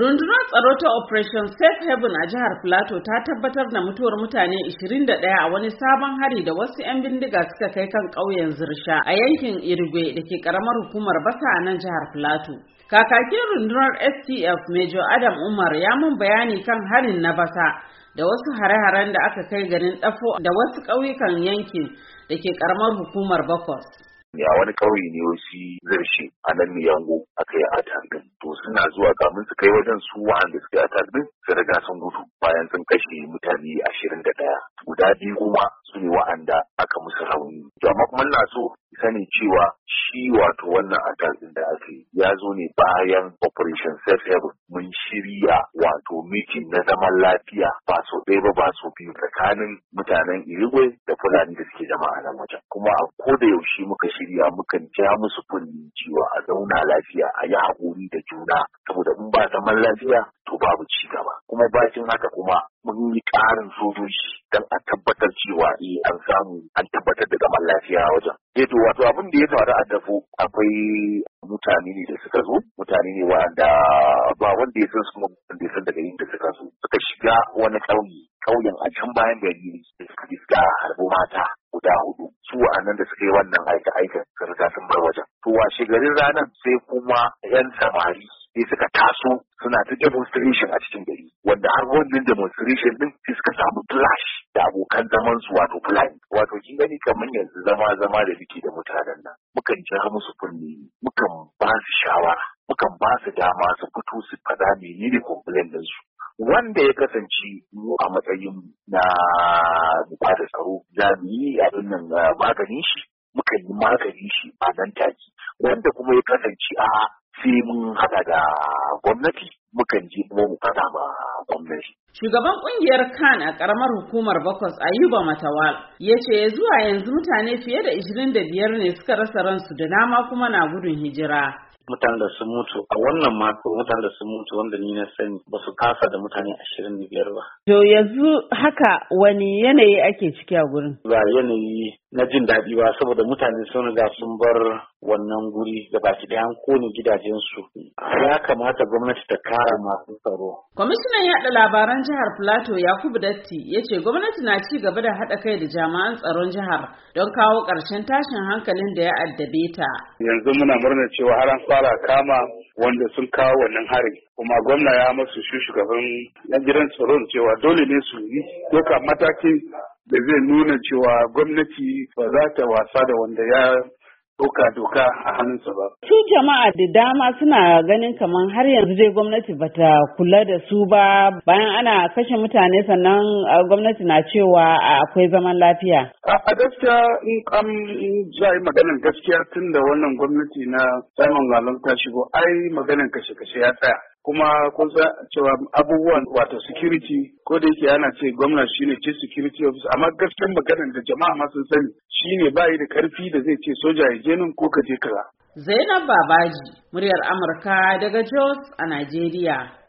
Rundunar tsaro ta Operation Safe Haven a jihar Plateau ta tabbatar da mutuwar mutane 21 a wani sabon hari da wasu 'yan bindiga suka kai kan ƙauyen Zirsha a yankin Irigwe da ke ƙaramar hukumar Basa a nan jihar Plateau. Kakakin rundunar STF Major Adam Umar ya mun bayani kan harin na Basa da wasu hare-haren da aka kai ganin Dafo da wasu ƙauyukan yankin da ke ƙaramar hukumar Bakos. ya wani kauye ne wasu zarshe a nan Miyango aka yi a din to suna zuwa kamun su kai wajen su wa'anda suke yi din su riga sun gudu bayan sun kashe mutane ashirin da ɗaya guda biyu kuma su ne wa'anda aka musu rauni to amma kuma na so sani cewa shi wato wannan a din da aka yi ya zo ne bayan operation safe mun shirya mitin na zaman lafiya ba so ɗaya ba ba so biyu tsakanin mutanen Irigwe da Fulani da suke a nan wajen. Kuma a ko da yaushe muka shirya muka ja musu kunni cewa a zauna lafiya a yi haƙuri da juna saboda in ba zaman lafiya to babu ci gaba. Kuma bakin haka kuma mun yi ƙarin sojoji don a tabbatar cewa eh an samu an tabbatar da zaman lafiya wajen. Ya eh, to wato abin da ya faru a dafo akwai mutane ne da suka zo mutane ne wa'anda ba wanda ya san su ma wanda ya san daga inda suka zo suka shiga wani ƙauye ƙauyen a can bayan gari da suka suka harbi mata guda hudu su a nan da suka yi wannan aika aika suka riga sun bar wajen to wa garin ranar sai kuma yan samari sai suka taso suna ta demonstration a cikin gari wanda har wannan demonstration din sai suka samu clash da abokan zaman su wato fulani wato kin gani kamar yanzu zama zama da suke da mutanen nan mukan ja musu kunne mukan ba su shawara mukan ba su dama su fito su faɗa menene complain din su wanda ya kasance mu a matsayin na ba da tsaro za mu yi abin nan ah, maganin shi muka yi maganin shi a nan take wanda kuma ya kasance a ah, sai mun haɗa da gwamnati mukan je kuma mu faɗa ma gwamnati. Shugaban ƙungiyar Kan a karamar hukumar Bakwas Ayuba Matawal ya ce zuwa yanzu mutane fiye da 25 ne suka rasa ransu da dama kuma na gudun hijira. mutanen da sun mutu a wannan mako mutanen da sun mutu wanda ni na sani ba su kasa da mutane ashirin da biyar ba. To yanzu haka wani yanayi ake ciki a gurin? Ba yanayi na jin daɗi ba saboda mutane sun riga sun bar wannan guri da baki ɗaya an kone gidajensu ya kamata gwamnati ta kara masu tsaro. kwamishinan yaɗa labaran jihar plateau yakubu datti ya ce gwamnati na ci gaba da haɗa kai da jami'an tsaron jihar don kawo ƙarshen tashin hankalin da ya addabe ta. yanzu muna murnar cewa har an fara kama wanda sun kawo wannan hari kuma gwamna ya masu shugaban yan gidan tsaron cewa dole ne su yi doka matakin da zai nuna cewa gwamnati ba za ta wasa da wanda ya ɗauka doka a hannunsa ba. Su jama'a da dama suna ganin kamar har yanzu dai gwamnati ba ta kula da su ba bayan ana kashe mutane sannan gwamnati na cewa akwai zaman lafiya. A gaskiya in an za yi maganar gaskiya tun da wannan gwamnati na Simon Lalon ta shigo ai maganar kashe-kashe ya tsaya. kuma kun san cewa abubuwan wato security ko da yake ana ce gwamna shine chief security officer amma gaskiyar maganar da jama'a ma sun sani shine bayi da karfi da zai ce soja ya je nan ko ka je kaza Zainab Babaji muryar Amurka daga Jos a Najeriya